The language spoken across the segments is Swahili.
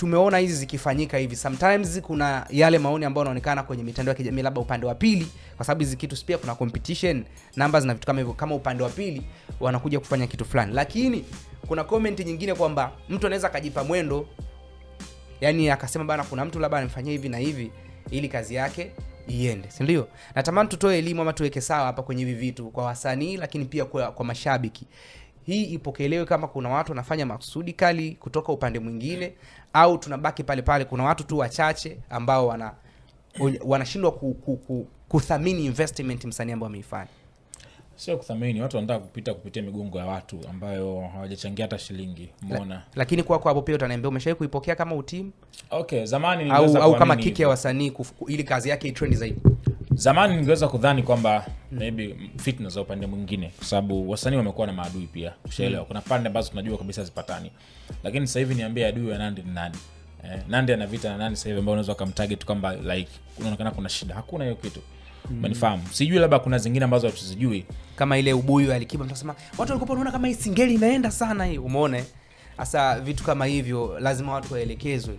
tumeona hizi zikifanyika hivi. Sometimes kuna yale maoni ambayo yanaonekana kwenye mitandao ya kijamii, labda upande wa pili, kwa sababu hizi kitu pia kuna competition numbers na vitu kama hivyo, kama upande wa pili wanakuja kufanya kitu fulani, lakini kuna comment nyingine kwamba mtu anaweza akajipa mwendo, yani akasema bana, kuna mtu labda anamfanyia hivi na hivi ili kazi yake iende, si ndio? Natamani tutoe elimu ama tuweke sawa hapa kwenye hivi vitu kwa wasanii, lakini pia kwa, kwa mashabiki hii ipokelewe kama kuna watu wanafanya maksudi kali kutoka upande mwingine, au tunabaki pale pale, kuna watu tu wachache ambao wana wanashindwa ku, ku, ku, kuthamini investment msanii ambao ameifanya. Sio kuthamini, watu wanataka kupita kupitia migongo ya watu ambayo hawajachangia hata shilingi mbona. La, lakini kwako hapo pia utaniambia umeshawahi kuipokea kama utimu? Okay, zamani au, au kama kiki ya wasanii ili kazi yake itrend zaidi. Zamani ningeweza kudhani kwamba maybe fitna za upande mwingine, kwa sababu wasanii wamekuwa na maadui pia, ushaelewa. Kuna pande ambazo tunajua kabisa zipatani, lakini sasa hivi niambie, adui wa nandi ni nani? Eh, nandi ana vita na nani sasa hivi ambao unaweza ukamtarget kwamba like unaonekana kuna shida? Hakuna hiyo kitu. Mm. Sijui labda kuna zingine ambazo hatuzijui kama ile ubuyu alikiba, mtasema watu walikuwa wanaona kama hii singeli inaenda sana hii, umeona? hasa vitu kama hivyo lazima watu waelekezwe,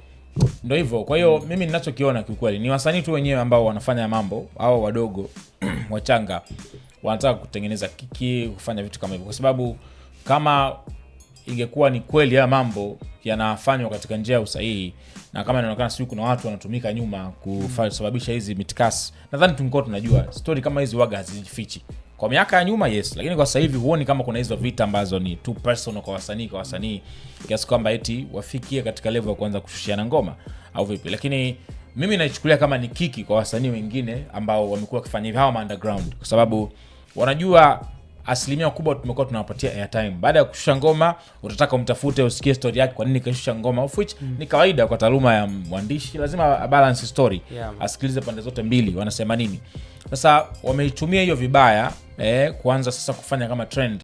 ndo hivyo. Kwa hiyo mm. mimi ninachokiona kiukweli ni wasanii tu wenyewe ambao wanafanya mambo, au wadogo wachanga wanataka kutengeneza kiki, kufanya vitu kama hivyo, kwa sababu kama ingekuwa ni kweli haya mambo yanafanywa katika njia ya usahihi, na kama inaonekana sijui kuna watu wanatumika nyuma kusababisha hizi mitikasi, nadhani tungekuwa tunajua stori kama hizi waga hazijifichi kwa miaka ya nyuma yes, lakini kwa sasa huoni kama kuna hizo vita ambazo ni t personal kwa wasanii kwa wasanii kiasi kwamba eti wafikie katika levo ya kuanza kushushiana ngoma au vipi, lakini mimi naichukulia kama ni kiki kwa wasanii wengine ambao wamekuwa wakifanya hivi, hawa underground, kwa sababu wanajua asilimia kubwa tumekuwa tunawapatia airtime. Baada ya kushusha ngoma, utataka umtafute usikie story yake, kwa nini kashusha ngoma, which mm. ni kawaida kwa taaluma ya mwandishi, lazima balance story yeah, asikilize pande zote mbili wanasema nini. Sasa wameitumia hiyo vibaya eh, kuanza sasa kufanya kama trend.